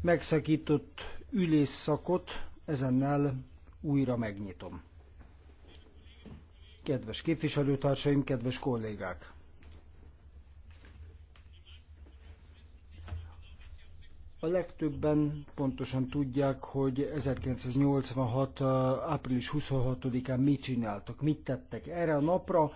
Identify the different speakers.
Speaker 1: megszakított ülésszakot ezennel újra megnyitom. Kedves képviselőtársaim, kedves kollégák! A legtöbben pontosan tudják, hogy 1986. április 26-án mit csináltak, mit tettek erre a napra.